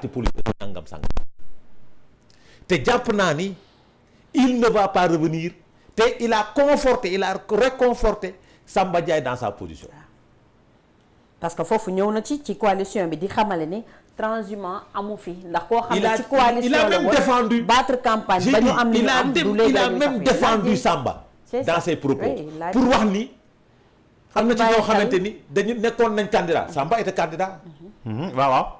parti politique nangam sangam te jàpp naa ni il ne va pas revenir té il a conforté il a réconforté Samba Ndiaye dans sa position. parce que fofu ñëw na ci ci coalition bi di xamale ni transhumant amu fi ndax ko xam ci coalition la woon défendu battre campagne bañu am li ñu am du léegi il a même défendu Samba dans ses propos pour wax ni xamna ci ñoo xamanteni dañu nekkoon nañ candidat Samba était candidat mhm. Mhm. waaw waaw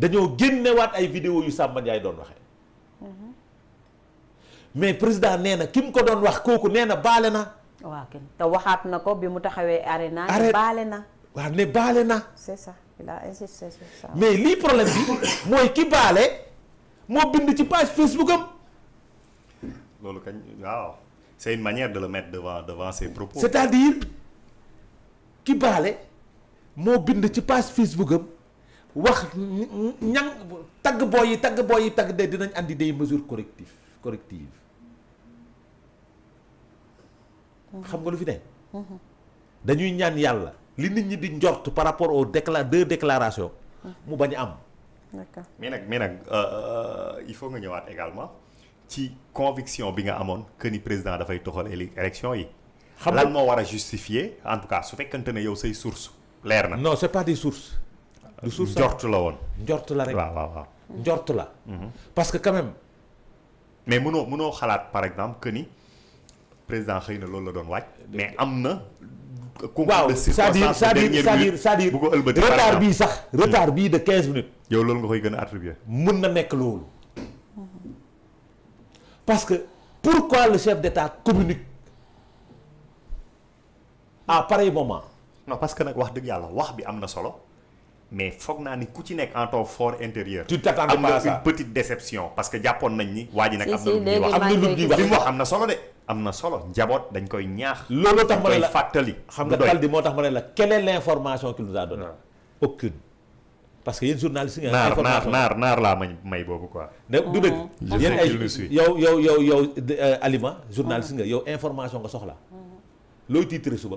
dañoo génnewaat ay vidéo yu Samba Ndiaye doon waxee mais président nee na ki mu ko doon wax kooku nee na baale na. waaw te waxaat na ko bi mu taxawee arena ne na. waaw ne baale na. c'est mais lii problème bi mooy ki baale moo bind ci page Facebook am. loolu c'est manière de le mettre devant devant ses propos. à dire ki baale moo bind ci page Facebook am. wax ñang tag boy yi tag boy yi tag de dinañ andi des mesures correctives correctives xam nga lu fi ne dañuy ñaan yalla li nit ñi di njort par rapport aux déclar deux déclarations mu bañ am mais nak mais nag euh, euh, il faut nga ñëwaat également ci conviction bi nga amone que ni président da fay toxal élection yi xam lan mo wara justifier en tout cas su fekkante ne yow say source leer na non c'est pas des sources du njort la won njort la rek waaw waaw waaw njort la mhm. parce que quand même mais mënoo mënoo xalaat par exemple que ni président xeyna loolu la doon waaj mais amna na concours de ça c'est-à-dire c'est-à-dire c'est-à-dire retard bi sax retard bi de 15 minutes yow loolu nga koy gën a attribuer mën na nekk loolu parce que pourquoi le chef d'État communique à pareil moment non parce que nag wax dëgg yàlla wax bi am na solo mais foog naa ni ku ci nekk en ton fort intérieur. tu t'attends pas à ça am une petite déception. parce que jàppoon nañ ni. waa nak nag am na lu ñuy wax am na lu di wax li mu wax solo de. amna solo njaboot dañ koy ñaax. loolu tax ma la fàttali. xam nga Kaldi moo tax ma ne la quelle est l'information qu'il nous a donné aucune parce que yéen journaliste nga. information nar nar naar laa may may boobu quoi. du deug mhm. yéen ay yow yow yow yow euh, Alima journaliste mhm. nga yow information nga soxla. Mhm. looy titre suba.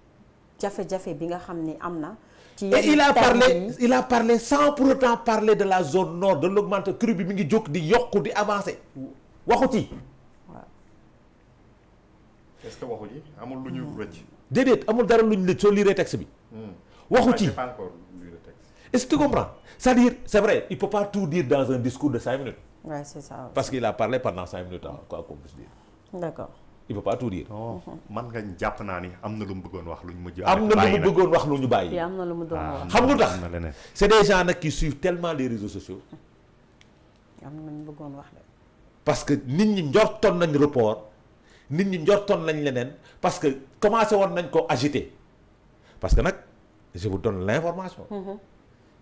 jafe-jafe bi nga xamné amna ci et il a parlé il a parlé sans pour autant parler de la zone nord de l'augmentation cru bi mi ngi jóg di yokku di avancer waxuti est-ce que waxu ci amul lu ñu rëcc. amul dara luñu le rëcc lire liiree texte bi. Hmm. waxu est-ce que tu comprends c'est-à-dire c'est vrai il peut pas tout dire dans un discours de cinq minutes. Ouais, c'est ça. Parce qu'il a parlé pendant cinq minutes, hein, quoi qu'on puisse dire. D'accord. il faut pas tout dire. Oh. man nga jàpp naa ni am na lu mu bëggoon wax lu ñu mujj. am na na lu mu doon ah, na ñu bëggoon wax de. parce que nit ñi njortoon nañ report nit ñi njortoon nañ leneen parce que commencé woon nañ ko agiter parce que nag je vous donne l'information. Mm-hmm.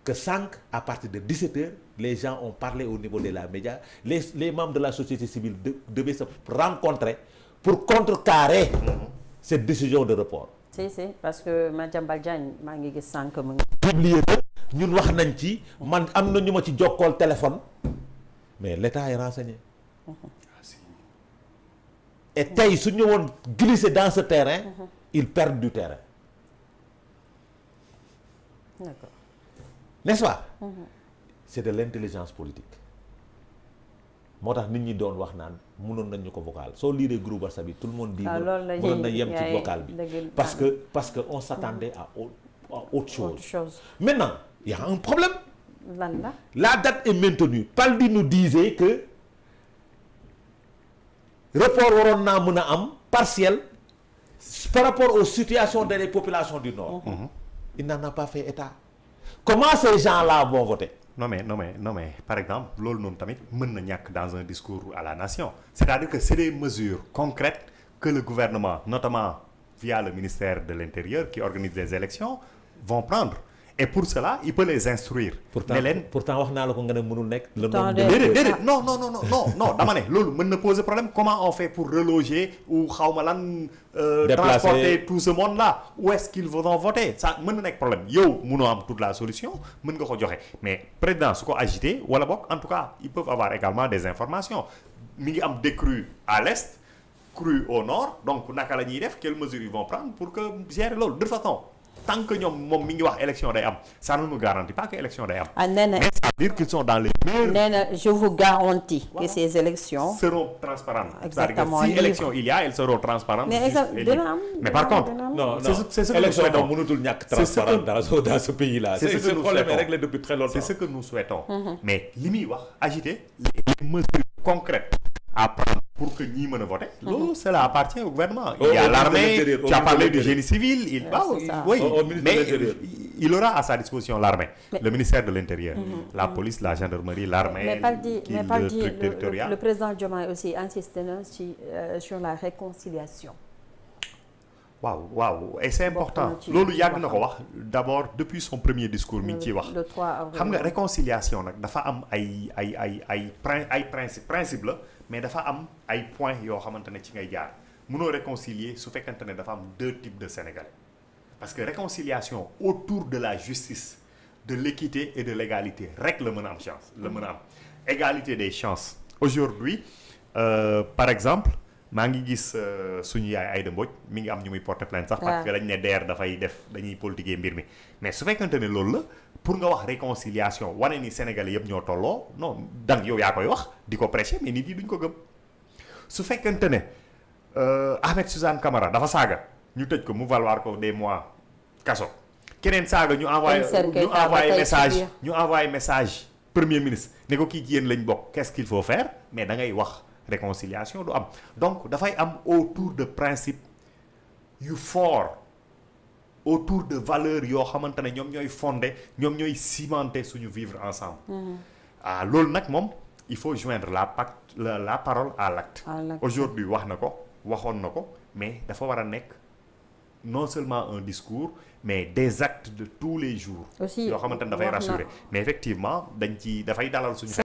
que sànq à partir de 17h les gens ont parlé au niveau de la média les les membres de la société civile de devaient se rencontrer. pour contrecarrer mm-hmm. cette décision de report. si si parce que Mme Diagne je ngi gis sànq nous ngi. publié na ñun wax nañ ci man téléphone mais l'État est renseigné. Mm-hmm. Ah, et si. su nous glisser dans ce terrain. Mm-hmm. ils perdent du terrain. d'accord. n'est-ce pas. c'est de l'intelligence politique moo nit ñi doon wax naan mënoon nañ ñu ko vocal soo liiree groupe barça bi tout le monde dit ah, mënoon na yem ci vocal bi parce que parce que on s'attendait à autre chose maintenant il y a un problème la date est maintenue Paldi nous disait que report waroon naa mën am partiel par rapport aux situations des populations du Nord mhm. il n'en a pas fait état comment ces gens-là vont voter non mais non mais non mais par exemple l'ol tamit dans un discours à la nation c'est-à-dire que c'est des mesures concrètes que le gouvernement notamment via le ministère de l'Intérieur qui organise des élections vont prendre et pour cela il peut les instruire. pourtant ne pourtant wax naa le congé de non non non non non dama ne problème comment on fait pour reloger ou euh, transporter tout ce monde là où est-ce qu'ils vont voter ça c'est problème yow nous avons toute la solution mën nga ko ce mais président agité en tout cas ils peuvent avoir également des informations Ils ont des crues à l'est crues au nord donc nous allons quelles mesures ils vont prendre pour que gérer loolu de toute façon tant que nous moom mi élection day am ça ne nous garantit pas que élection day am. Ah, ça veut dire qu'ils sont dans les meilleurs. je vous garantis. que ces élections seront transparentes. exactement si élection il y a elles seront transparentes. mais par contre. non non c'est ce que nous souhaitons mënatul ñàkk transparent dans dans ce pays là. c'est ce problème est réglé depuis très longtemps. c'est ce que nous souhaitons. Mm-hmm. mais li agiter les mesures concrètes à pour que nous ne vote cela appartient au gouvernement. il y a l'armée tu as parlé du génie civil. il ah, va oui mais il aura à sa disposition l'armée le ministère de l'intérieur mhm. la police la gendarmerie l'armée mais territoire. mais le président Diomaye aussi insiste hein, euh, sur la réconciliation. Waouh, waouh, et c'est important Lolo yàgg d'abord depuis son premier discours le, ngi wax xam réconciliation nag dafa am ay ay ay ay mais principe principe mais dafa am ay points yoo xamante ne ci ngay réconcilier su fekkante deux types de Sénégalais parce que réconciliation autour de la justice de l'équité et de l'égalité règle ce chance égalité des chances aujourd'hui euh, par exemple maa ngi gis euh, suñu yaay Aïda Mbodj mi ngi am ñu muy porter plainte sax parce que dañ ne deer dafay def dañuy politiquer mbir mi mais su fekkante ne loolu la pour nga wax réconciliation wane ni Sénégalais yëpp ñoo tolloo non dang yow yaa koy wax di ko prêcher mais nit yi duñ ko gëm su fekkante ne euh, Ahmed Suzanne Camara dafa saaga ñu tëj ko mu valoir ko des mois kaso keneen saaga ñu envoyé ñu envoyé message ñu envoyé message premier ministre ne ko kii ci yéen lañ bokk qu'est-ce qu'il faut mais da ngay wax réconciliation du am donc fay am autour de principes, yu fort autour de valeurs, yo xamante ñom ñoy ñooy fondé ñoom ñooy cimenter suñu vivre ensemble mm-hmm. ah lool nak mom il faut joindre la pacte la, parole à l'acte aujourd'hui wax nako, ko nako, mais dafa war a non seulement un discours mais des actes de tous les jours yo xamante da fay rassurer mais effectivement dañ ci fay dalal suñu